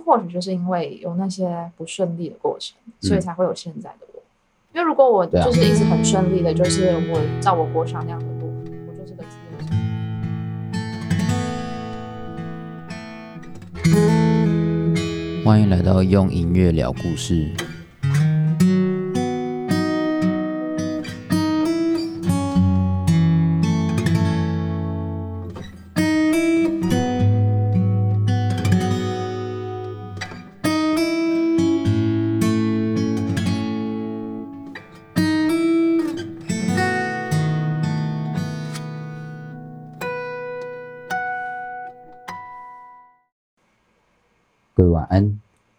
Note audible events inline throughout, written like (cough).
或許就是因為有那些不順利的過程，所以才會有現在的我。嗯、因為如果我就是一直很順利的，就是我照、啊、我過往那樣的路，我就是個 loser。歡迎來到用音樂聊故事。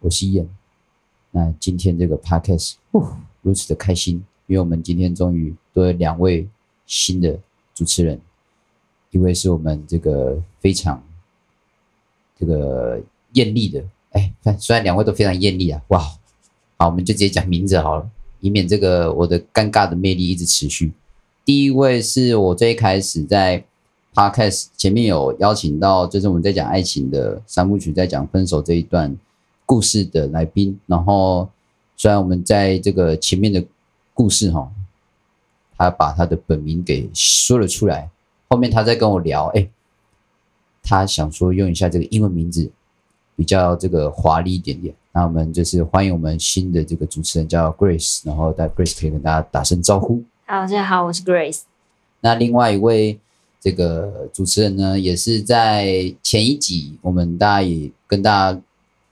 我是燕。那今天這個 podcast 如此的開心，因為我們今天終於都有兩位新的主持人，一位是我們這個非常這個艷麗的。哎，看，雖然兩位都非常艷麗啊，哇，好，我們就直接講名字好了，以免這個我的尷尬的魅力一直持續。第一位是我最一開始在 podcast 前面有邀請到，就是我們在講愛情的三部曲，在講分手這一段。故事的來賓，然後雖然我們在這個前面的故事哈、哦，他把他的本名給說了出來，後面他在跟我聊，哎、欸，他想說用一下這個英文名字，比較這個華麗一點點。那我們就是歡迎我們新的這個主持人叫 Grace，然後在 Grace 可以跟大家打聲招呼。好，大家好，我是 Grace。那另外一位這個主持人呢，也是在前一集，我們大家也跟大家。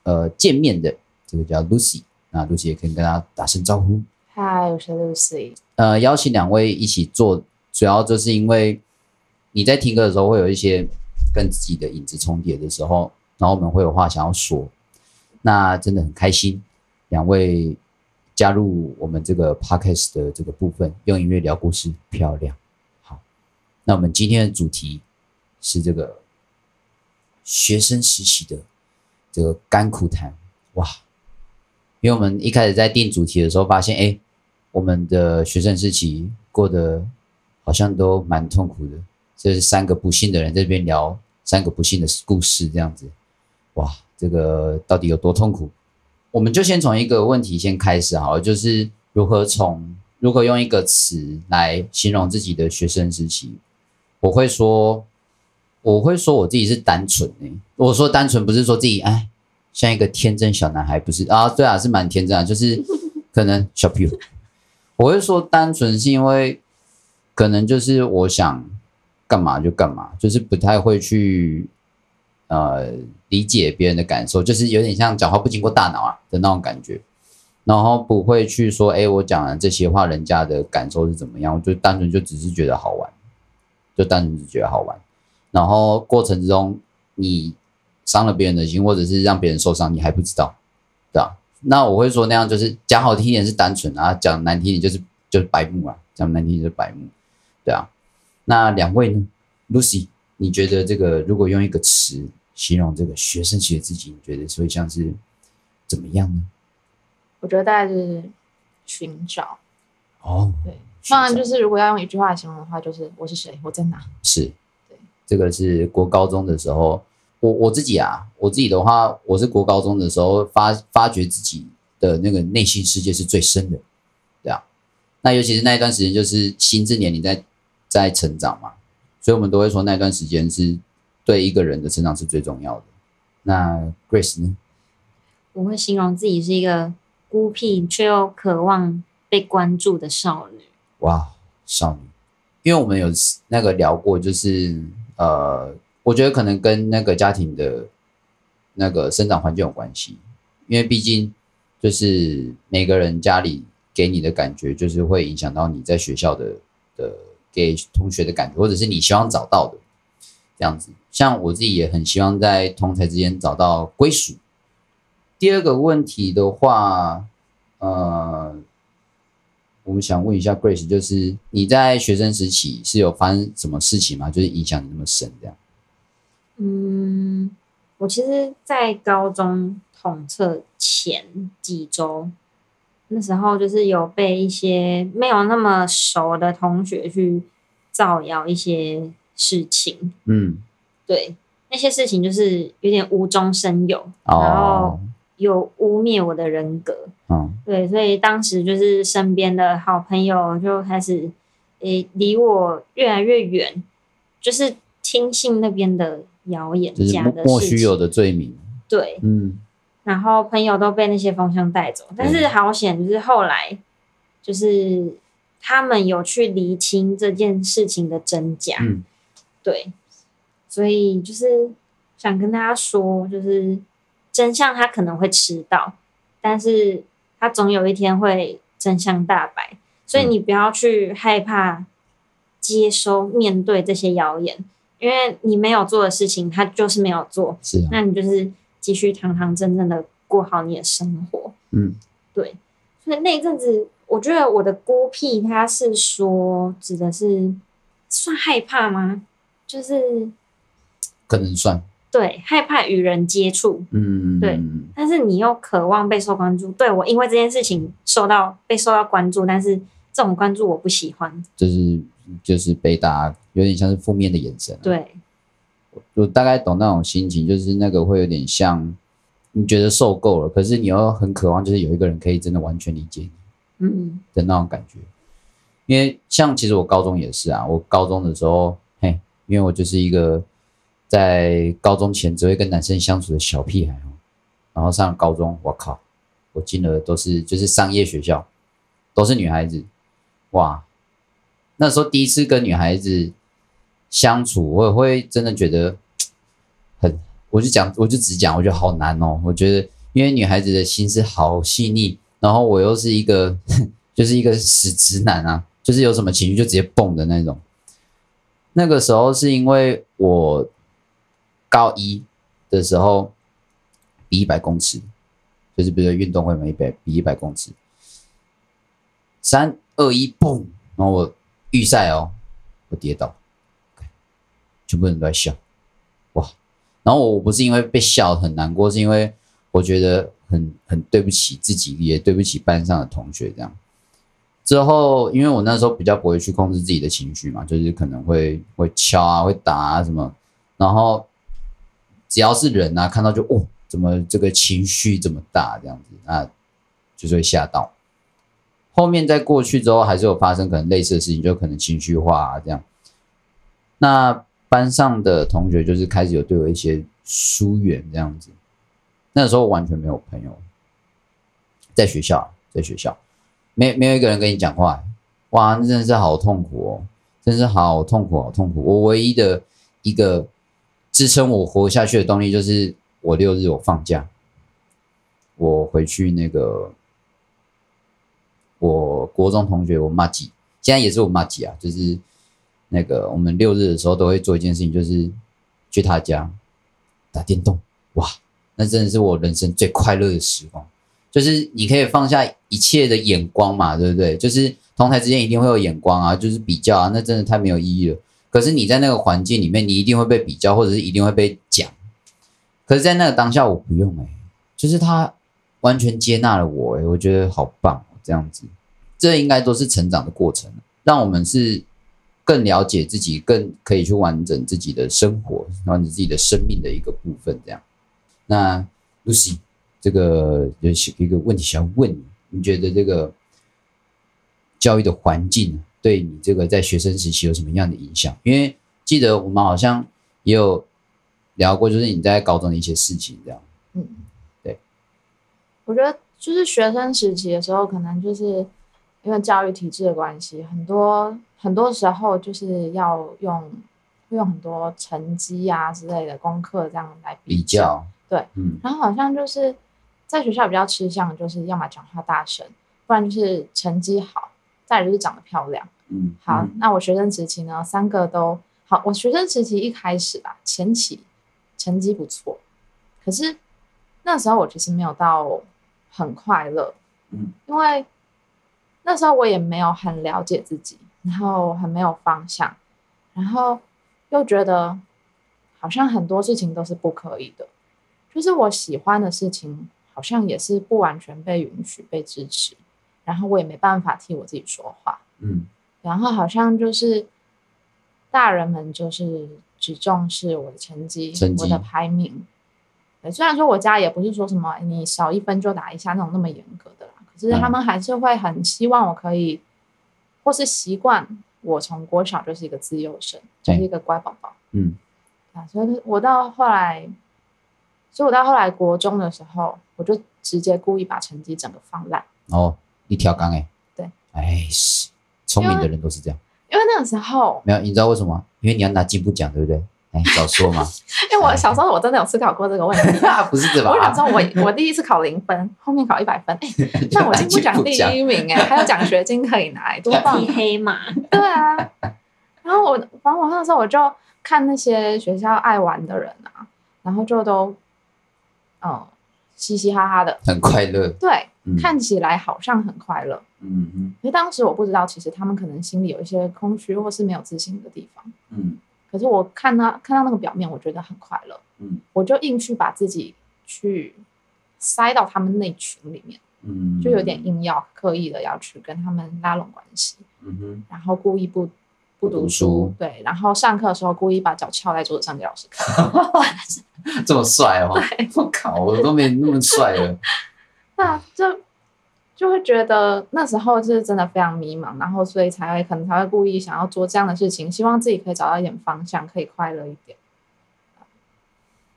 呃，見面的這個叫 Lucy，那 Lucy 也可以跟大家打聲招呼。嗨，我是 Lucy。呃，邀請兩位一起做，主要就是因為你在聽歌的時候會有一些跟自己的影子重疊的時候，然後我們會有話想要說。那真的很開心，兩位加入我們這個 Podcast 的這個部分，用音樂聊故事，漂亮。好，那我們今天的主題是這個學生時期的。這個甘苦談，哇！因為我們一開始在定主題的時候，發現，哎，我們的學生時期過得好像都蠻痛苦的。這是三個不幸的人在這邊聊三個不幸的故事，這樣子，哇，這個到底有多痛苦？我們就先從一個問題先開始好了，就是如何從如何用一個詞來形容自己的學生時期？我會說。我會說我自己是單純哎、欸，我說單純不是說自己哎像一個天真小男孩不是啊，對啊，是蠻天真啊，就是可能小屁如。我會說單純是因為可能就是我想幹嘛就幹嘛，就是不太會去呃理解別人的感受，就是有點像講話不經過大腦啊的那種感覺，然後不會去說哎我講了這些話人家的感受是怎麼樣，我就單純就只是覺得好玩，就單純就只是覺得好玩。然後過程之中，你傷了別人的心，或者是讓別人受傷，你還不知道，對啊，那我會說那樣就是講好聽點是單純啊，講難聽點就是就是白目啊，講難聽就是白目，對啊。那兩位呢？Lucy，你覺得這個如果用一個詞形容這個學生時期的自己，你覺得所以像是怎麼樣呢？我覺得大概就是尋找。哦，對，當然就是如果要用一句話來形容的話，就是我是誰，我在哪。是。這個是國高中的時候，我我自己啊，我自己的話，我是國高中的時候發發覺自己的那個內心世界是最深的，對啊，那尤其是那一段時間，就是心智年齡在在成長嘛，所以我們都會說那一段時間是對一個人的成長是最重要的。那 Grace 呢？我會形容自己是一個孤僻卻又渴望被關注的少女。哇，少女，因為我們有那個聊過，就是。呃，我覺得可能跟那個家庭的那個生長環境有關係，因為畢竟就是每個人家裡給你的感覺，就是會影響到你在學校的的給同學的感覺，或者是你希望找到的這樣子。像我自己也很希望在同儕之間找到歸屬。第二個問題的話，呃。我們想問一下 Grace，就是你在學生時期是有發生什麼事情嗎？就是影響你那麼深這樣？嗯，我其實，在高中統測前幾周，那時候就是有被一些沒有那麼熟的同學去造謠一些事情。嗯，對，那些事情就是有點無中生有，哦、然後。有污衊我的人格，嗯，對，所以當時就是身邊的好朋友就開始，欸、離我越來越遠，就是聽信那邊的謠言家的，就是莫須有的罪名，對，嗯，然後朋友都被那些方向帶走，但是好險，就是後來、嗯、就是他們有去釐清這件事情的真假，嗯、對，所以就是想跟大家說，就是。真相他可能會遲到，但是他總有一天會真相大白，所以你不要去害怕接收面對這些謠言，因為你沒有做的事情，他就是沒有做，是啊，那你就是繼續堂堂正正的過好你的生活，嗯，對，所以那一陣子，我覺得我的孤僻，他是說指的是算害怕嗎？就是，可能算。對，害怕與人接觸，嗯，對，但是你又渴望備受關注。對，我因為這件事情受到被受到關注，但是這種關注我不喜歡，就是就是被大家有點像是負面的眼神啊。對。我，我大概懂那種心情，就是那個會有點像你覺得受夠了，可是你又很渴望，就是有一個人可以真的完全理解你，嗯的那種感覺。嗯。因為像其實我高中也是啊，我高中的時候，嘿，因為我就是一個。在高中前只會跟男生相處的小屁孩，然後上了高中，我靠，我進的都是就是商業學校，都是女孩子，哇，那時候第一次跟女孩子相處，我也會真的覺得很，我就講，我就只講，我覺得好難哦，我覺得因為女孩子的心思好細膩，然後我又是一個就是一個死直男啊，就是有什麼情緒就直接蹦的那種，那個時候是因為我。高一的時候，比一百公尺，就是比如說運動會每一百比一百公尺，三二一，嘣！然後我預賽哦，我跌倒，全部人都在笑，哇！然後我不是因為被笑很難過，是因為我覺得很很對不起自己，也對不起班上的同學。這樣之後，因為我那時候比較不會去控制自己的情緒嘛，就是可能會會敲啊，會打啊什麼，然後。只要是人吶、啊，看到就哦，怎麼這個情緒這麼大？這樣子啊，那就是會嚇到。後面在過去之後，還是有發生可能類似的事情，就可能情緒化啊這樣。那班上的同學就是開始有對我一些疏遠這樣子。那時候完全沒有朋友，在學校，在學校，沒沒有一個人跟你講話，哇，那真的是好痛苦哦，真是好痛苦，好痛苦。我唯一的一個。支撐我活下去的動力就是，我六日我放假，我回去那個我國中同學我麻吉，現在也是我麻吉啊，就是那個我們六日的時候都會做一件事情，就是去他家打電動，哇，那真的是我人生最快樂的時光，就是你可以放下一切的眼光嘛，對不對？就是同台之間一定會有眼光啊，就是比較啊，那真的太沒有意義了。可是你在那個環境裡面，你一定會被比較，或者是一定會被講。可是，在那個當下，我不用哎、欸，就是他完全接納了我哎、欸，我覺得好棒哦，這樣子。這應該都是成長的過程，讓我們是更了解自己，更可以去完整自己的生活，完整自己的生命的一個部分。這樣。那 Lucy，這個有一個問題想問你，你覺得這個教育的環境？對你這個在學生時期有什麼樣的影響？因為記得我們好像也有聊過，就是你在高中的一些事情，這樣。嗯，對。我覺得就是學生時期的時候，可能就是因為教育體制的關係，很多很多時候就是要用用很多成績啊之類的功課這樣來比較。比較，對，嗯。然後好像就是在學校比較吃香的，就是要麼講話大聲，不然就是成績好，再來就是長得漂亮。嗯，好，那我學生時期呢，三個都好。我學生時期一開始吧，前期成績不錯，可是那時候我其實沒有到很快樂，嗯，因為那時候我也沒有很了解自己，然後很沒有方向，然後又覺得好像很多事情都是不可以的，就是我喜歡的事情好像也是不完全被允許、被支持，然後我也沒辦法替我自己說話，嗯。然後好像就是大人們就是只重視我的成績,成績、我的排名。對，雖然說我家也不是說什麼你少一分就打一下那種那麼嚴格的啦，可是他們還是會很希望我可以，嗯、或是習慣我從國小就是一個資優生，欸、就是一個乖寶寶。嗯。啊，所以，我到後來，所以我到後來國中的時候，我就直接故意把成績整個放爛。哦，一條槓誒。對。哎呀。聰明的人都是這樣，因為，因為那個時候沒有，你知道為什麼？因為你要拿進步獎，對不對？哎，早說嘛！哎， (laughs) 因為我小時候我真的有思考過這個問題， (laughs) 不是吧、啊？我小時候我我第一次考零分，後面考一百分誒，那我進步獎第一名哎、欸， (laughs) 還有獎學金可以拿、欸，多棒 (laughs) 你黑嘛。 (laughs) 對啊，然後我反正我那時候，我就看那些學校愛玩的人啊，然後就都嗯、哦、嘻嘻哈哈的，很快樂。對，嗯、看起來好像很快樂。嗯嗯，因為當時我不知道，其實他們可能心裡有一些空虛或是沒有自信的地方。嗯，可是我看他看到那個表面，我覺得很快樂。嗯，我就硬去把自己去塞到他們那群裡面。嗯，就有點硬要刻意的要去跟他們拉攏關係。嗯哼，然後故意不不讀書，對，然後上課的時候故意把腳翹在桌子上給老師看， (laughs) 這麼帥嗎？我靠，我都沒那麼帥那這。 (laughs) 啊就會覺得那時候是真的非常迷茫，然後所以才會可能才會故意想要做這樣的事情，希望自己可以找到一點方向，可以快樂一點。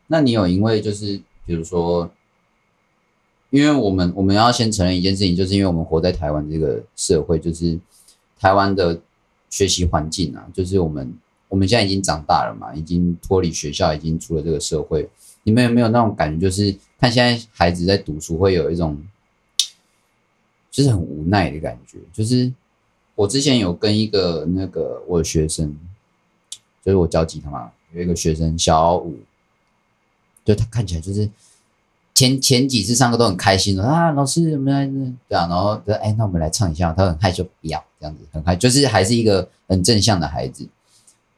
那你有因為就是比如說，因為我們我們要先承認一件事情，就是因為我們活在台灣這個社會，就是台灣的學習環境啊，就是我們我們現在已經長大了嘛，已經脫離學校，已經出了這個社會，你們有沒有那種感覺，就是看現在孩子在讀書會有一種。就是很無奈的感覺，就是我之前有跟一個那個我的學生，就是我教吉他嘛，有一個學生小五，就他看起來就是前前幾次上課都很開心啊，老師怎麼樣怎麼樣，然後就哎那我們來唱一下，他很害羞不要這樣子，很害，就是還是一個很正向的孩子，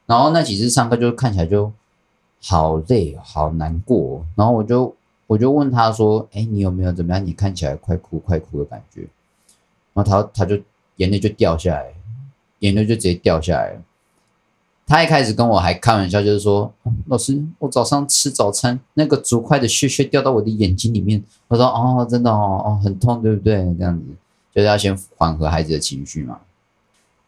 然後那幾次上課就看起來就好累好難過，然後我就我就問他說，哎你有沒有怎麼樣？你看起來快哭快哭的感覺？然後他他就眼淚就掉下來，眼淚就直接掉下來了。他一開始跟我還開玩笑，就是說：“老師，我早上吃早餐，那個竹筷的屑屑掉到我的眼睛裡面。”我說：“哦，真的哦，哦，很痛，對不對？這樣子就是要先緩和孩子的情緒嘛。”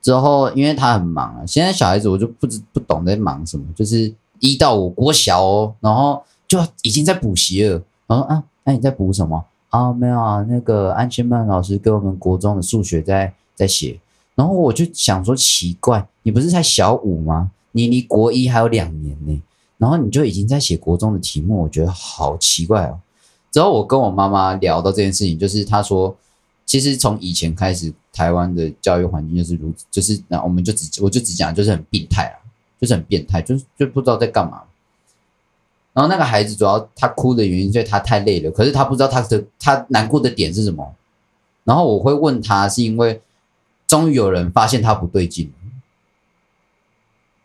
之後，因為他很忙啊，現在小孩子我就不知不懂在忙什麼，就是一到五國小哦，然後就已經在補習了。然後啊，那、啊、你在補什麼？啊、哦，沒有啊，那個安親班老師給我們國中的數學在在寫，然後我就想說奇怪，你不是才小五嗎？你離國一還有兩年呢。欸，然後你就已經在寫國中的題目，我覺得好奇怪哦。之後我跟我媽媽聊到這件事情，就是她說，其實從以前開始，台灣的教育環境就是如此，就是那我們就只我就只講就是很病態啊，就是很變態，就是就不知道在幹嘛。然後那個孩子主要他哭的原因，是他太累了。可是他不知道他的他難過的點是什麼。然後我會問他，是因為終於有人發現他不對勁。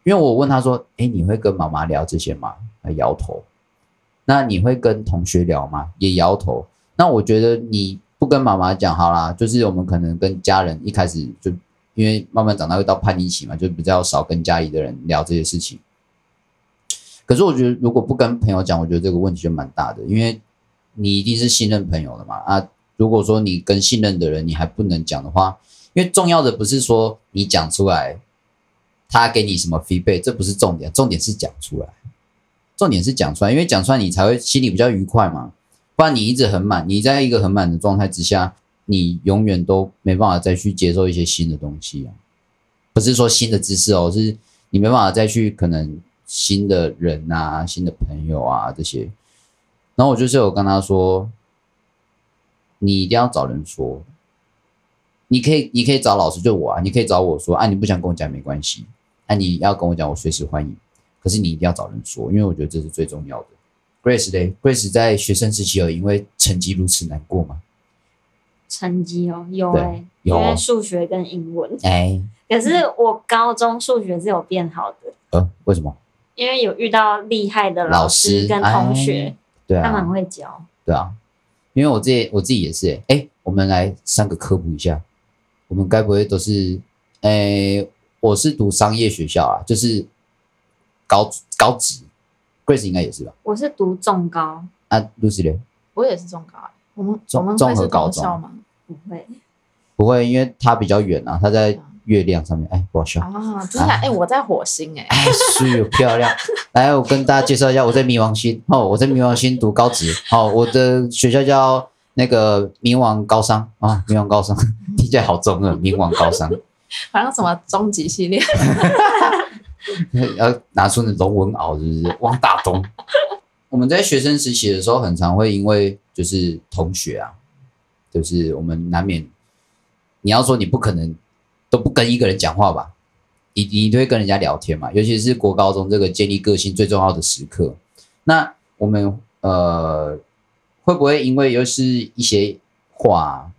因為我問他說：“哎，你會跟媽媽聊這些嗎？”他搖頭。那你會跟同學聊嗎？也搖頭。那我覺得你不跟媽媽講好啦，就是我們可能跟家人一開始就因為慢慢長大會到叛逆期嘛，就比較少跟家裡的人聊這些事情。可是我覺得，如果不跟朋友講，我覺得這個問題就蠻大的，因為你一定是信任朋友的嘛。啊，如果說你跟信任的人你還不能講的話，因為重要的不是說你講出來，他給你什麼 feedback，這不是重點，重點是講出來，重點是講出來，因為講出來你才會心裡比較愉快嘛。不然你一直很滿，你在一個很滿的狀態之下，你永遠都沒辦法再去接受一些新的東西啊。不是說新的知識哦，是你沒辦法再去可能。新的人啊，新的朋友啊，這些，然後我就是有跟他說，你一定要找人說，你可以，你可以找老師，就我啊，你可以找我說，啊，你不想跟我講沒關係，啊，你要跟我講，我隨時歡迎。可是你一定要找人說，因為我覺得這是最重要的。Grace 咧？Grace 在學生時期有因為成績如此難過嗎？成績哦，有對、欸，有數學跟英文哎、欸，可是我高中數學是有變好的，呃、啊，為什麼？因為有遇到厲害的老師跟同學，對啊，他們很會教，對啊。因為我自己，我自己也是。哎，我們來三個科普一下，我們該不會都是？哎，我是讀商業學校啊，就是高高職，Grace 應該也是吧？我是讀中高啊，Lucy 我也是中高啊。我們中我們會是校嗎？中高中不會，不會，因為他比較遠啊，他在。月亮上面，哎，不好笑，哦，啊！真的，哎，我在火星，欸，哎，是，哦，漂亮！來，我跟大家介紹一下，我在冥王星，哦、oh,，我在冥王星讀高職，哦、oh,，我的學校叫那個冥王高商啊，oh, 冥王高商，聽起來好中啊，冥王高商，好 (laughs) 像什麼終極系列， (laughs) (laughs) (laughs) 要拿出那龍紋袄是不是？汪大東， (laughs) 我們在學生時期的時候，很常會因為就是同學啊，就是我們難免，你要說你不可能。都不跟一個人講話吧，你你都會跟人家聊天嘛？尤其是國高中這個建立個性最重要的時刻，那我們呃會不會因為又是一些話，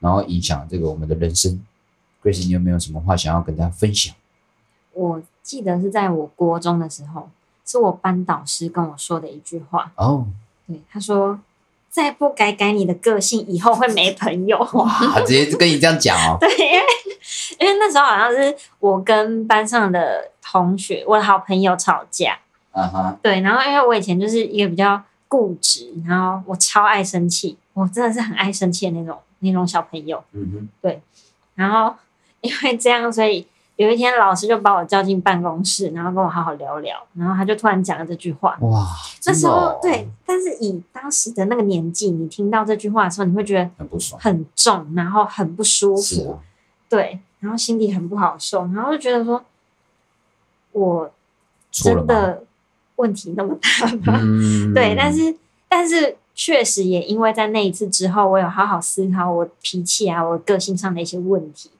然後影響這個我們的人生？Grace，你有沒有什麼話想要跟大家分享？我記得是在我國中的時候，是我班導師跟我說的一句話。哦、oh.，對，他說：“再不改改你的個性，以後會沒朋友。”哇，他直接跟你這樣講哦。 (laughs) 對，因因為那時候好像是我跟班上的同學，我的好朋友吵架，啊哈，對，然後因為我以前就是一個比較固執，然後我超愛生氣，我真的是很愛生氣的那種那種小朋友，嗯哼，對，然後因為這樣，所以有一天老師就把我叫進辦公室，然後跟我好好聊聊，然後他就突然講了這句話，哇，那時候、哦、對，但是以當時的那個年紀，你聽到這句話的時候，你會覺得很，很不爽，很重，然後很不舒服，對。然後心裡很不好受，然後就覺得說，我真的問題那麼大嗎？嗎 (laughs) 對，但是但是確實也因為在那一次之後，我有好好思考我脾氣啊，我個性上的一些問題。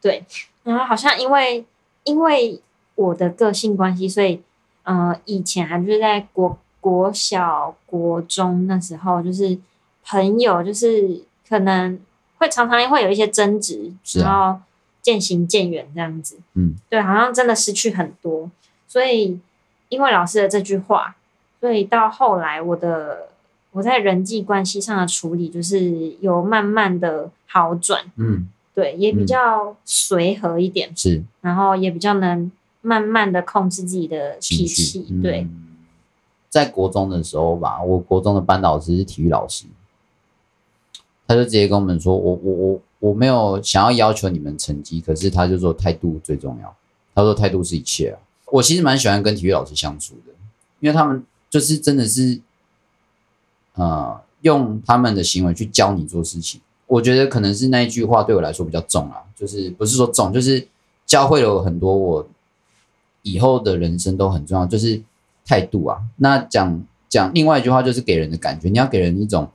對，然後好像因為因為我的個性關係，所以嗯、呃，以前啊就是在國國小、國中那時候，就是朋友就是可能會常常會有一些爭執、啊，然後。漸行漸遠這樣子，嗯，對，好像真的失去很多，所以因為老師的這句話，所以到後來我的我在人際關係上的處理就是有慢慢的好轉，嗯，對，也比較隨和一點，是、嗯，然後也比較能慢慢的控制自己的脾氣，對、嗯，在國中的時候吧，我國中的班導師是體育老師，他就直接跟我們說，我我我。我我沒有想要要求你們成績，可是他就說態度最重要。他說態度是一切啊。我其實蠻喜歡跟體育老師相處的，因為他們就是真的是，呃，用他們的行為去教你做事情。我覺得可能是那一句話對我來說比較重啊，就是不是說重，就是教會了我很多我以後的人生都很重要，就是態度啊。那講講另外一句話就是給人的感覺，你要給人一種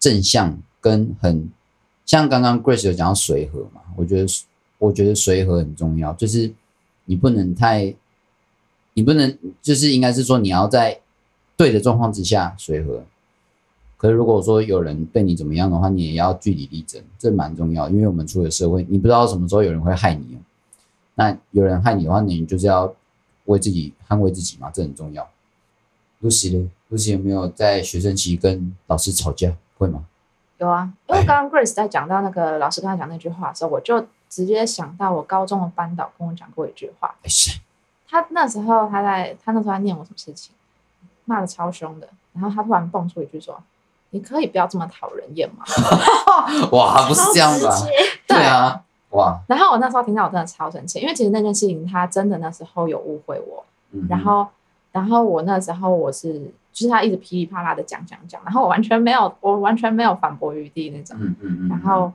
正向跟很。像剛剛 Grace 有講到隨和嘛，我覺得我覺得隨和很重要，就是你不能太，你不能就是應該是說你要在對的狀況之下隨和，可是如果說有人對你怎麼樣的話，你也要據理力爭，這蠻重要，因為我們出了社會，你不知道什麼時候有人會害你哦，那有人害你的話，你就是要為自己捍衛自己嘛，這很重要。Lucy 呢？Lucy 有沒有在學生期跟老師吵架？會嗎？有啊，因為剛剛 Grace 在講到那個老師剛才講那句話的時候，我就直接想到我高中的班導跟我講過一句話。沒事。他那時候他在他那時候在念我什麼事情，罵得超凶的。然後他突然蹦出一句說：“你可以不要這麼討人厭嗎？” (laughs) 哇，不是這樣子啊？對啊，哇。然後我那時候聽到我真的超生氣，因為其實那件事情他真的那時候有誤會我。嗯。然後，然後我那時候我是。就是他一直噼裡啪啦的講講講，然後我完全沒有，我完全沒有反駁餘地那種、嗯嗯嗯。然後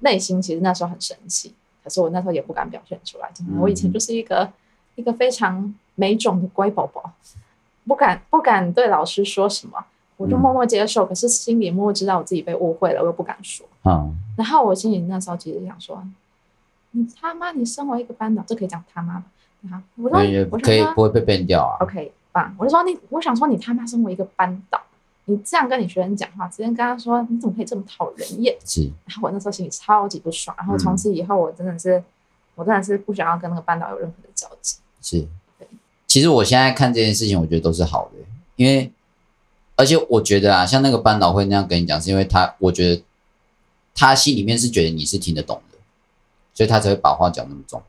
內心其實那時候很生氣，可是我那時候也不敢表現出來。真、嗯、的，我以前就是一個、嗯、一個非常沒種的乖寶寶，不敢不敢對老師說什麼，我就默默接受、嗯。可是心裡默默知道我自己被誤會了，我又不敢說。啊、嗯。然後我心裡那時候其實想說：“你他媽！你身為一個班長，這可以講他媽嗎？”啊，我我可以不會被變掉啊。OK。我就說你，我想說你他媽身為一個班導，你這樣跟你學生講話，直接跟他說你怎麼可以這麼討人厭？是。然後我那時候心裡超級不爽，然後從此以後我真的是，嗯、我真的是不想要跟那個班導有任何的交集。是。對。其實我現在看這件事情，我覺得都是好的，因為而且我覺得啊，像那個班導會那樣跟你講，是因為他，我覺得他心裡面是覺得你是聽得懂的，所以他才會把話講那麼重。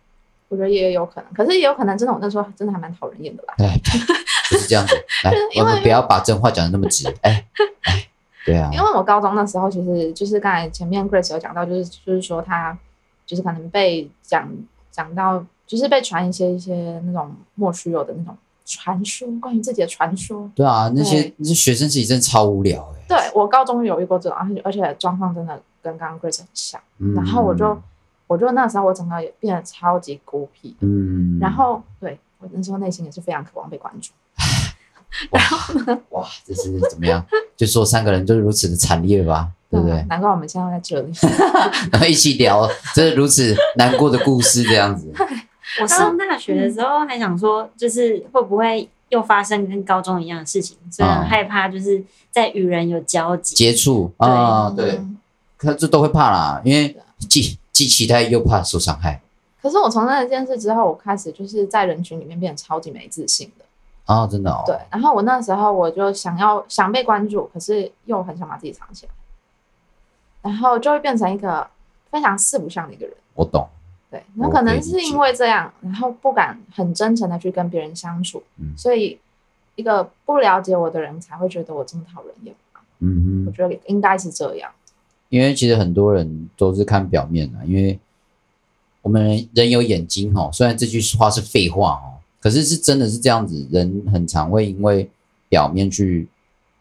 我覺得也有可能，可是也有可能，真的我那時候真的還蠻討人厭的吧？對。 (laughs) (laughs) 是這樣子，來因為因為我們不要把真話講的那麼直。哎、 (laughs) 欸欸，對啊。因為我高中的時候，其實就是剛才前面 Grace 有講到，就是就是說他就是可能被講講到，就是被傳一些一些那種莫須有的那種傳說，關於自己的傳說。對啊，那些那些學生自己真的超無聊哎、欸。對，我高中有遇過這種，而且狀況真的跟剛剛 Grace 很像。然後我就、嗯、我就那時候我整個也變得超級孤僻。嗯。然後對，我那時候內心也是非常渴望被關注。然後呢，哇，這是怎麼樣？ (laughs) 就說三個人就是如此的慘烈吧，啊，對不對？難怪我們現在在這裡， (laughs) (laughs) 然後一起聊這是如此難過的故事，這樣子。 (laughs) okay, 我上大學的時候還想說，就是會不會又發生跟高中一樣的事情，所以很害怕，就是在與人有交集，接觸啊，對、嗯嗯，可就都會怕啦，因為既既期待又怕受傷害。可是我從那件事之後，我開始就是在人群裡面變得超級沒自信的。啊、哦，真的哦。對，然後我那時候我就想要想被關注，可是又很想把自己藏起來，然後就會變成一個非常四不像的一個人。我懂。對，那可能是因為這樣，然後不敢很真誠的去跟別人相處，嗯、所以一個不了解我的人才會覺得我這麼討人厭。嗯嗯。我覺得應該是這樣，因為其實很多人都是看表面的、啊，因為我們人有眼睛哦，雖然這句話是廢話哦。可是是真的是這樣子，人很常會因為表面去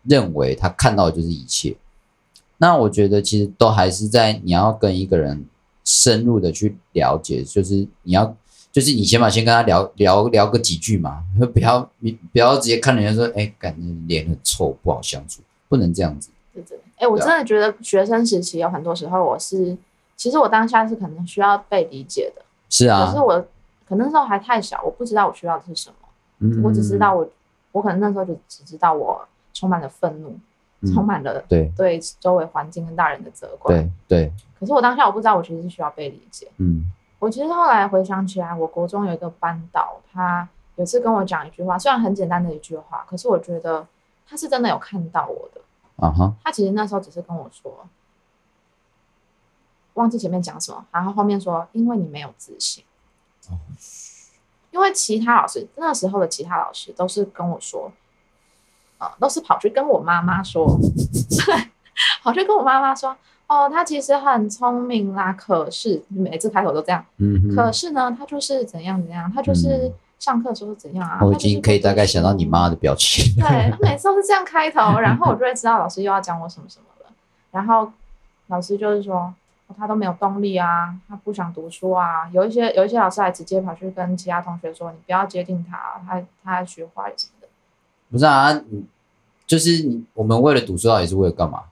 認為他看到的就是一切。那我覺得其實都還是在你要跟一個人深入的去了解，就是你要就是你先把先跟他聊聊聊個幾句嘛，不要你不要直接看人家說，哎、欸，感覺臉很臭，不好相處，不能這樣子。是的，哎、欸，我真的覺得學生時期有很多時候，我是其實我當下是可能需要被理解的。是啊，可是我。可能那時候還太小，我不知道我需要的是什麼。嗯、我只知道我、嗯，我可能那時候就只知道我充滿了憤怒，嗯、充滿了對對周圍環境跟大人的責怪。嗯、對對。可是我當下我不知道，我其實是需要被理解、嗯。我其實後來回想起來，我國中有一個班導，他有次跟我講一句話，雖然很簡單的一句話，可是我覺得他是真的有看到我的。啊哈。他其實那時候只是跟我說，忘記前面講什麼，然後後面說：“因為你沒有自信。”哦，因為其他老師那時候的其他老師都是跟我說，呃、都是跑去跟我媽媽說， (laughs) (laughs) 跑去跟我媽媽說，哦，他其實很聰明啦，可是每次開頭都這樣、嗯，可是呢，他就是怎樣怎樣，他就是上課時候怎樣啊、嗯，就是，我已經可以大概想到你媽的表情， (laughs) 對，他每次都是這樣開頭，然後我就會知道老師又要講我什麼什麼了，然後老師就是說。他都沒有動力啊，他不想讀書啊。有一些有一些老師還直接跑去跟其他同學說：“你不要接近他啊，他他學壞什麼的。”不是啊，就是你，我們為了讀書到底是為了幹嘛？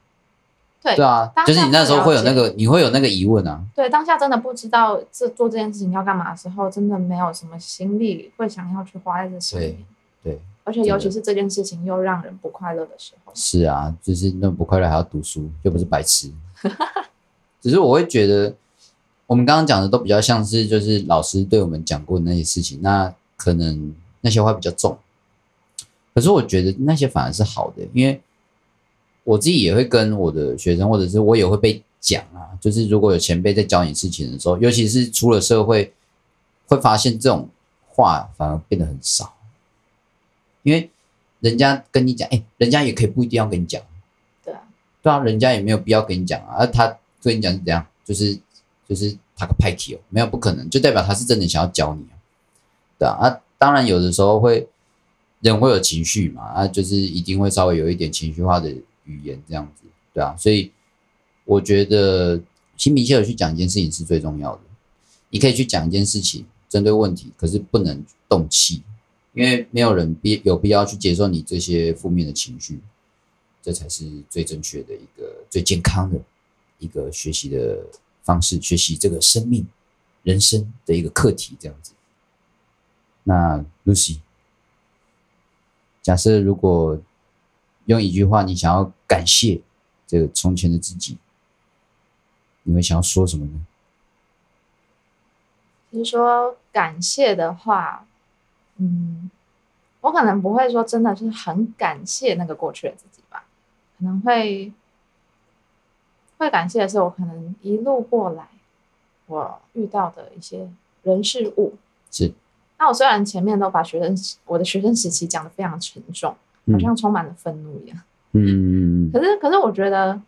對對啊，就是你那時候會有那個你會有那個疑問啊。對，當下真的不知道這做這件事情要幹嘛的時候，真的沒有什麼心力會想要去花在這上面。對，而且尤其，尤其是這件事情又讓人不快樂的時候。是啊，就是那麼不快樂還要讀書，又不是白痴。 (laughs) 只是我會覺得，我們剛剛講的都比較像是就是老師對我們講過的那些事情，那可能那些話比較重。可是我覺得那些反而是好的，因為我自己也會跟我的學生，或者是我也會被講啊。就是如果有前輩在教你事情的時候，尤其是出了社會，會發現這種話反而變得很少，因為人家跟你講，哎，人家也可以不一定要跟你講。對啊，對啊，人家也沒有必要跟你講啊，而他。所以你講是怎樣，就是就是他個派題哦，沒有不可能，就代表他是真的想要教你啊。對啊，啊，當然有的時候會，人會有情緒嘛，啊，就是一定會稍微有一點情緒化的語言這樣子，對啊。所以我覺得心平氣和去講一件事情是最重要的。你可以去講一件事情，針對問題，可是不能動氣，因為沒有人必有必要去接受你這些負面的情緒，這才是最正確的一個，最健康的。一個學習的方式，學習這個生命、人生的一個課題，這樣子。那 Lucy，假設如果用一句話，你想要感謝這個從前的自己，你會想要說什麼呢？就是、說感謝的話，嗯，我可能不會說真的，就是很感謝那個過去的自己吧，可能會。最感謝的是，我可能一路過來，我遇到的一些人事物是。那我雖然前面都把學生我的學生時期講得非常沉重，嗯，好像充滿了憤怒一樣。嗯，可是，可是我覺得，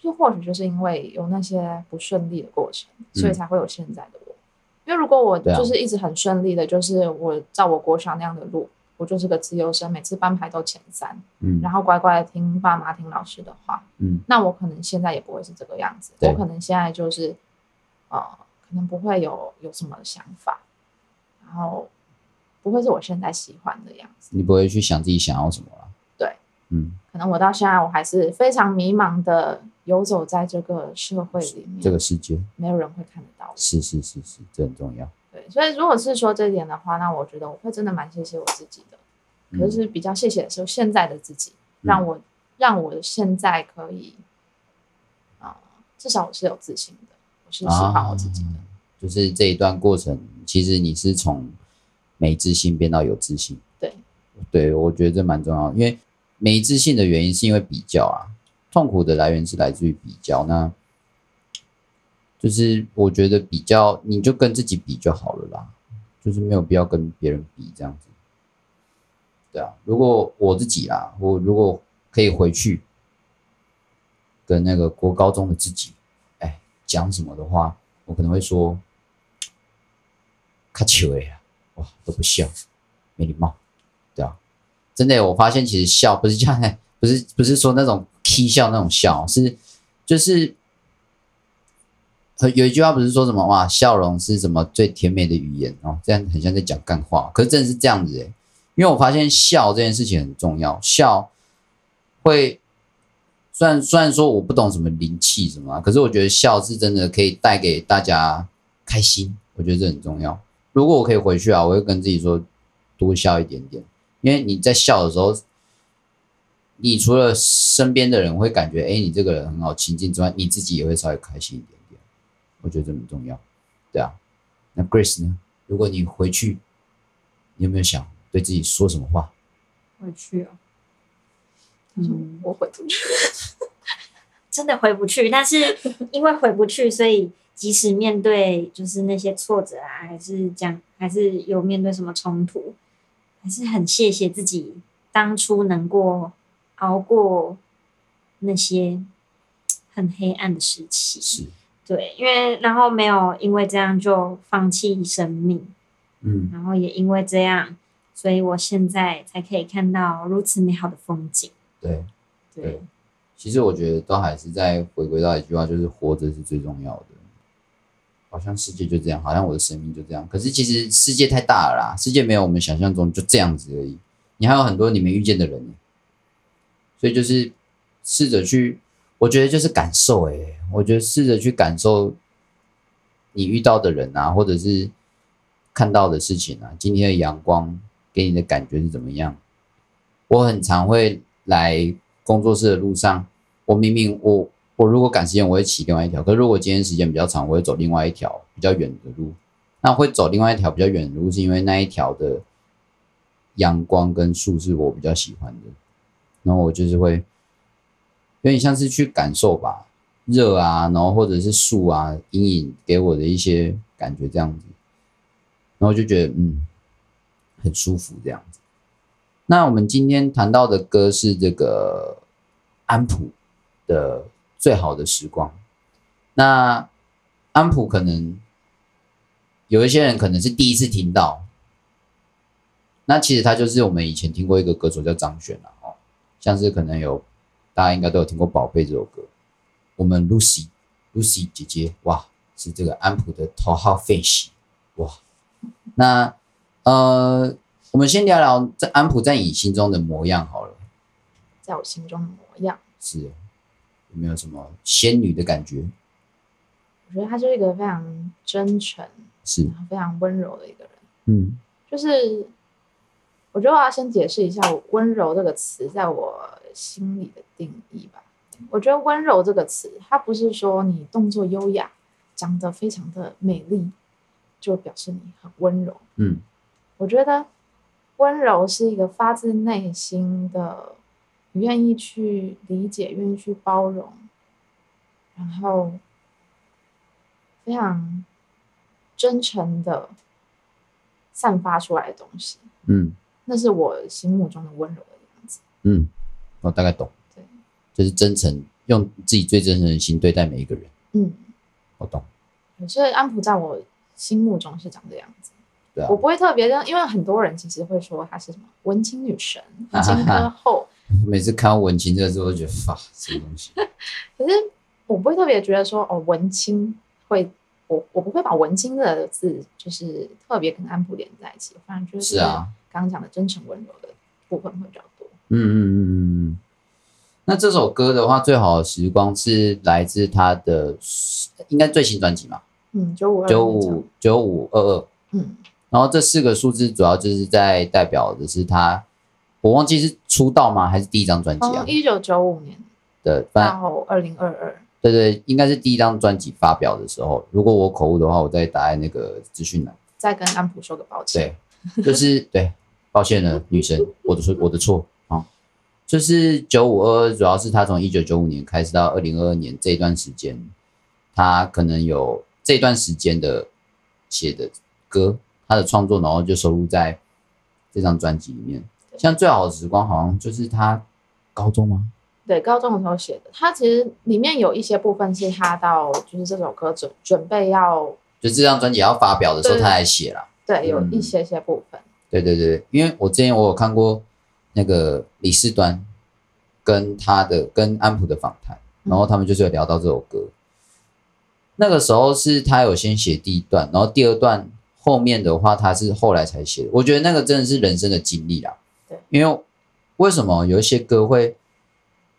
就或許就是因為有那些不順利的過程，所以才會有現在的我，嗯。因為如果我就是一直很順利的，就是我照我國小那樣的路。我就是個資優生，每次班排都前三，嗯，然後乖乖地聽爸媽、聽老師的話，嗯，那我可能現在也不會是這個樣子，我可能現在就是，呃，可能不會有有什麼想法，然後不會是我現在喜歡的樣子，你不會去想自己想要什麼了，對，嗯，可能我到現在我還是非常迷茫的游走在這個社會裡面，這個世界沒有人會看得到我，是是是是，這很重要。所以，如果是說這一點的話，那我覺得我會真的蠻謝謝我自己的。可是，是比較謝謝的是現在的自己，嗯、讓我讓我現在可以啊、呃，至少我是有自信的，我是喜歡我自己的、啊。就是這一段過程，其實你是從沒自信變到有自信。對，對，我覺得這蠻重要，因為沒自信的原因是因為比較啊，痛苦的來源是來自於比較呢。那就是我覺得比較，你就跟自己比就好了啦，就是沒有必要跟別人比這樣子。對啊，如果我自己啦，我如果可以回去跟那個國高中的自己，哎、欸，講什麼的話，我可能會說，卡丘哎呀，哇，都不笑，沒禮貌，對啊，真的、欸，我發現其實笑不是這樣，不是不是說那種踢笑那種笑，是就是。有一句話不是說什麼哇，笑容是什麼最甜美的語言哦？這樣很像在講幹話，可是真的是這樣子誒，因為我發現笑這件事情很重要，笑會雖然雖然說我不懂什麼靈氣什麼，啊，可是我覺得笑是真的可以帶給大家開心，我覺得這很重要。如果我可以回去啊，我會跟自己說多笑一點點，因為你在笑的時候，你除了身邊的人會感覺哎，欸，你這個人很好親近之外，你自己也會稍微開心一點。我覺得這很重要，對啊。那 Grace 呢？如果你回去，你有沒有想對自己說什麼話？回去啊，嗯，我回不去， (laughs) 真的回不去。但是因為回不去，所以即使面對就是那些挫折啊，還是講，還是有面對什麼衝突，還是很謝謝自己當初能夠熬過那些很黑暗的時期。是。對，因為然後沒有因為這樣就放棄生命，嗯，然後也因為這樣，所以我現在才可以看到如此美好的風景。對，對，對，其實我覺得都還是在回歸到一句話，就是活着是最重要的。好像世界就這樣，好像我的生命就這樣。可是其實世界太大了啦，世界沒有我們想象中就這樣子而已。你還有很多你沒遇見的人呢，所以就是試着去。我覺得就是感受哎、欸，我覺得試着去感受你遇到的人啊，或者是看到的事情啊。今天的陽光給你的感覺是怎麼樣？我很常會來工作室的路上，我明明我我如果趕時間，我會騎另外一條，可是如果今天時間比較長，我會走另外一條比較遠的路。那會走另外一條比較遠的路，是因為那一條的陽光跟樹是我比較喜歡的。然後我就是會。有點像是去感受吧，熱啊，然後或者是樹啊，陰影給我的一些感覺這樣子，然後就覺得嗯，很舒服這樣子。那我們今天談到的歌是這個安溥的《最好的時光》。那安溥可能有一些人可能是第一次聽到，那其實他就是我們以前聽過一個歌手叫張懸啊，哦，像是可能有。大家應該都有聽過《寶貝》這首歌。我們 Lucy，Lucy Lucy 姐姐，哇，是這個安溥的頭號 fans，哇。那，呃，我們先聊聊在安溥在你心中的模樣好了。在我心中的模樣。是。有沒有什麼仙女的感覺？我覺得她就是一個非常真誠，是，非常溫柔的一個人。嗯。就是，我覺得我要先解釋一下我“溫柔”這個詞，在我，心理的定義吧。我覺得“溫柔”這個詞，它不是說你動作優雅、長得非常的美麗，就表示你很溫柔。嗯，我覺得溫柔是一個發自內心的、願意去理解、願意去包容，然後非常真誠的散發出來的東西。嗯，那是我心目中的溫柔的樣子。嗯。我大概懂，對，就是真誠，用自己最真誠的心對待每一個人。嗯，我懂。所以安溥在我心目中是長這樣子。對啊，我不會特別的，因為很多人其實會說她是什麼文青女神、文，啊、青歌後。我，啊、每次看到文青這個時候我就發這些東西。 (laughs) 可是我不會特別覺得說哦，文青會，我我不會把文青的字就是特別跟安溥連在一起，反正就是剛剛講的真誠溫柔的部分會比較多。嗯嗯嗯嗯嗯，那這首歌的話，最好的時光是來自他的，應該最新專輯嘛？嗯，九五二九五九五二二，9522, 嗯，然後這四個數字主要就是在代表的是他，我忘記是出道嗎？還是第一張專輯啊？一九九五年的，然後二零二二，對,對對，應該是第一張專輯發表的時候。如果我口誤的話，我再打在那個資訊欄，再跟安溥說個抱歉。對，就是對，抱歉了，女神，我的錯，我的錯。 (laughs) 就是九五二，主要是他從一九九五年開始到二零二二年這段時間，他可能有這段時間的寫的歌，他的創作，然後就收錄在這張專輯裡面。像最好的時光，好像就是他高中嗎？對，高中的時候寫的。他其實裡面有一些部分是他到就是這首歌準準備要，就這張專輯要發表的時候，他來寫了。對，有一些些部分。對對對，因為我之前我有看過。那個李四端跟他的跟安溥的訪談，然後他們就是有聊到這首歌、嗯。那個時候是他有先寫第一段，然後第二段後面的話他是後來才寫的。我覺得那個真的是人生的經歷啦。對，因為為什麼有一些歌會，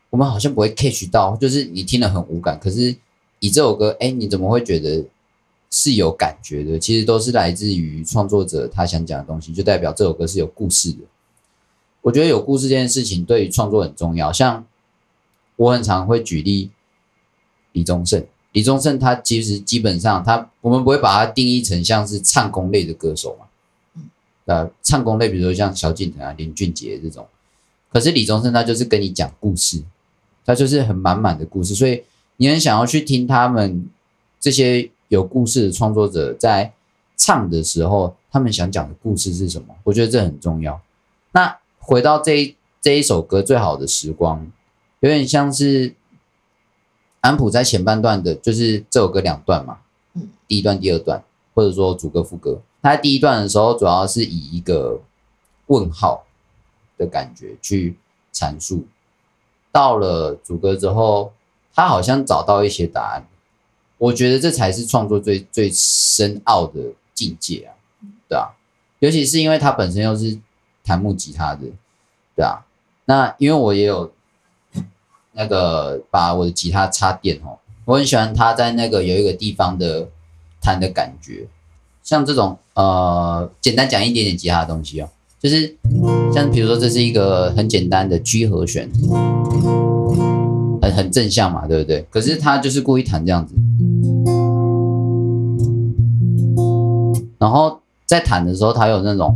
我們好像不會 catch 到，就是你聽了很無感，可是以這首歌，哎，你怎麼會覺得是有感覺的？其實都是來自於創作者他想講的東西，就代表這首歌是有故事的。我覺得有故事這件事情對於創作很重要。像我很常會舉例，李宗盛，李宗盛他其實基本上他我們不會把他定義成像是唱功類的歌手嘛，呃、嗯啊，唱功類，比如說像蕭敬騰啊、林俊杰這種，可是李宗盛他就是跟你講故事，他就是很滿滿的故事，所以你很想要去聽他們這些有故事的創作者在唱的時候，他們想講的故事是什麼？我覺得這很重要。那回到這一這一首歌最好的時光，有點像是安溥在前半段的，就是這首歌兩段嘛，嗯，第一段、第二段，或者說主歌、副歌。他第一段的時候，主要是以一個問號的感覺去闡述，到了主歌之後，他好像找到一些答案。我覺得這才是創作最最深奧的境界啊、嗯，對啊，尤其是因為它本身又是。彈木吉他的，對啊，那因為我也有那個把我的吉他插電哦，我很喜歡他在那個有一個地方的彈的感覺，像這種呃，簡單講一點點吉他的東西哦，就是像是比如說這是一個很簡單的 G 和弦，很、呃、很正向嘛，對不對？可是他就是故意彈這樣子，然後在彈的時候他有那種。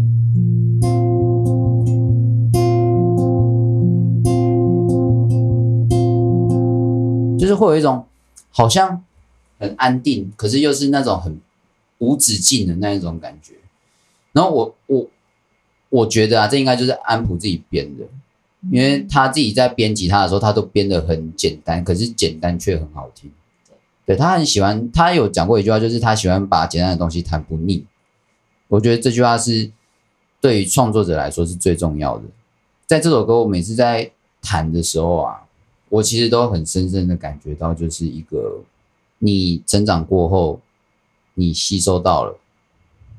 就是會有一種好像很安定，可是又是那種很無止境的那一種感覺。然後我我我覺得啊，這應該就是安溥自己編的，因為他自己在編吉他的時候，他都編的很簡單，可是簡單卻很好聽。對，他很喜歡，他有講過一句話，就是他喜歡把簡單的東西彈不膩。我覺得這句話是對於創作者來說是最重要的。在這首歌，我每次在彈的時候啊。我其實都很深深的感覺到，就是一個你成長過後，你吸收到了，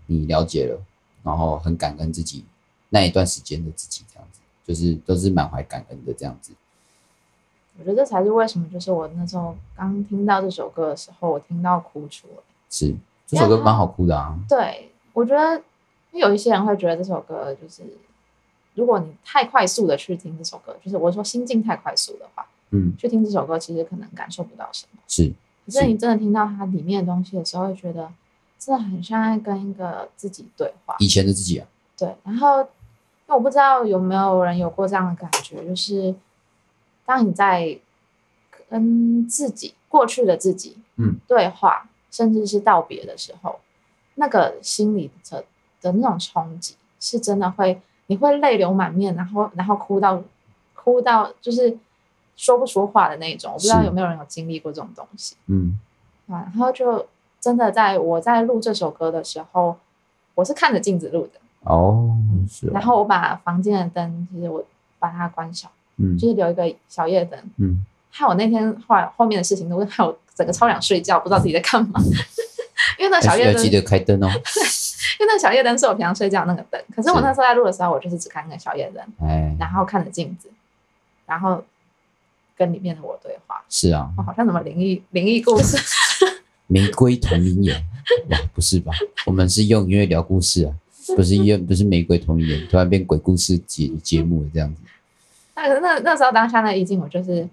你了解了，然後很感恩自己那一段時間的自己，這樣子就是都是滿懷感恩的這樣子。我覺得這才是為什麼，就是我那時候剛聽到這首歌的時候，我聽到哭出來。是這首歌蠻好哭的啊。對，我覺得有一些人會覺得這首歌就是，如果你太快速的去聽這首歌，就是我說心境太快速的話。嗯，去聽這首歌，其實可能感受不到什麼。是，可是你真的聽到它裡面的東西的時候，會覺得真的很像在跟一個自己對話。以前的自己啊。對，然後，那我不知道有沒有人有過這樣的感覺，就是當你在跟自己過去的自己嗯，對話嗯，甚至是道別的時候，那個心裡的的那種衝擊，是真的會，你會淚流滿面，然後然後哭到哭到就是。說不出話的那種，我不知道有沒有人有經歷過這種東西。嗯，然後就真的在我在錄這首歌的時候，我是看着鏡子錄的。哦，哦，然後我把房間的燈，其、就、實、是，我把它關小，嗯，就是留一個小夜燈，害我那天後來後面的事情，都是還有整個超想睡覺，不知道自己在幹嘛。嗯嗯、 (laughs) 因為那個小夜燈記得開燈哦。 (laughs) 因為那個小夜燈是我平常睡覺那個燈，可是我那時候在錄的時候，我就是只看那個小夜燈，然後看着鏡子，然後。跟裡面的我對話。是啊，好像什麼靈異靈異故事， (laughs) 玫瑰瞳鈴眼哇，不是吧？ (laughs) 我們是用音樂聊故事啊，不是音樂，不是玫瑰瞳鈴眼，突然變鬼故事節節目了這樣子。那那那時候，當下那意境我就是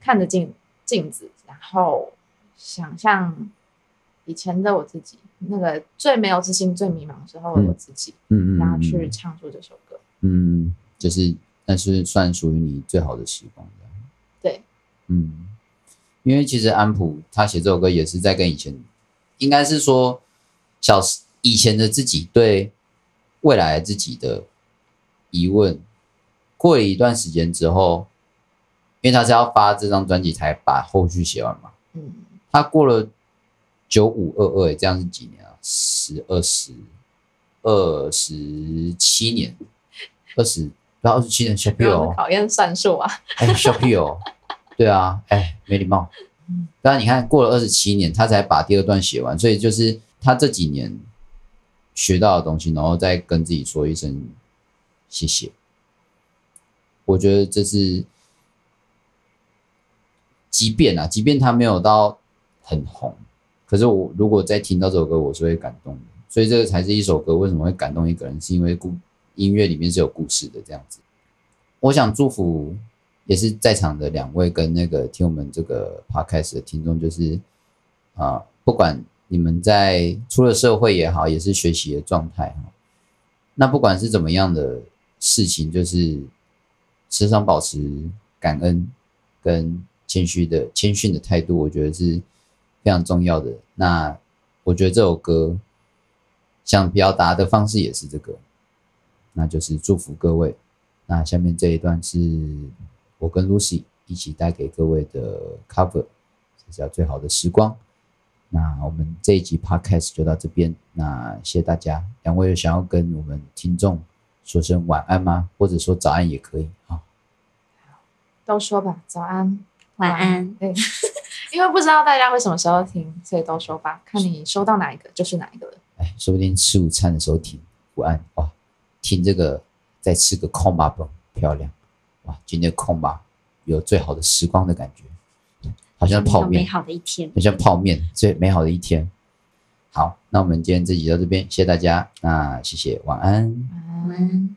看着鏡鏡子，然後想象以前的我自己，那個最沒有自信、最迷茫的時候的我自己，嗯嗯，然後去唱出這首歌，嗯，就是那就是算屬於你最好的時光的。嗯，因為其實安溥他寫這首歌也是在跟以前，應該是說小時以前的自己對未來自己的疑問，過了一段時間之後，因為他是要發這張專輯才把後續寫完嘛。嗯，他過了九五二二，哎，這樣是幾年啊？十、二十、二十七年，二十， (laughs) 然後二十七年。小 P 哦，討厭算數啊，小 P 哦。欸 Shopeo, (laughs) 對啊，哎，沒禮貌。當然，你看，過了二十七年，他才把第二段寫完，所以就是他這幾年學到的東西，然後再跟自己說一聲謝謝。我覺得這是即便啊，即便他沒有到很紅，可是我如果再聽到這首歌，我是會感動的。所以這個才是一首歌，為什麼會感動一個人，是因為故音樂裡面是有故事的，這樣子。我想祝福。也是在場的兩位跟那個聽我們這個 podcast 的聽眾，就是啊，不管你們在出了社會也好，也是學習的狀態哈。那不管是怎麼樣的事情，就是時常保持感恩跟謙虛的謙遜的態度，我覺得是非常重要的。那我覺得這首歌想表達的方式也是這個，那就是祝福各位。那下面這一段是。我跟 Lucy 一起帶給各位的 Cover，這叫最好的時光。那我們這一集 Podcast 就到這邊，那謝謝大家。兩位有想要跟我們聽眾說聲晚安嗎？或者說早安也可以啊、哦。都說吧，早安、晚安。對，欸、 (laughs) 因為不知道大家會什麼時候聽，所以都說吧，看你收到哪一個就是哪一個了。哎，說不定吃午餐的時候聽，午安哦，聽這個再吃個 Come Up，漂亮。今天空吧，有最好的時光的感覺，好像泡麵，美好的一天，好像泡麵，最美好的一天。好，那我們今天這集到這邊，謝謝大家，那謝謝，晚安，晚安。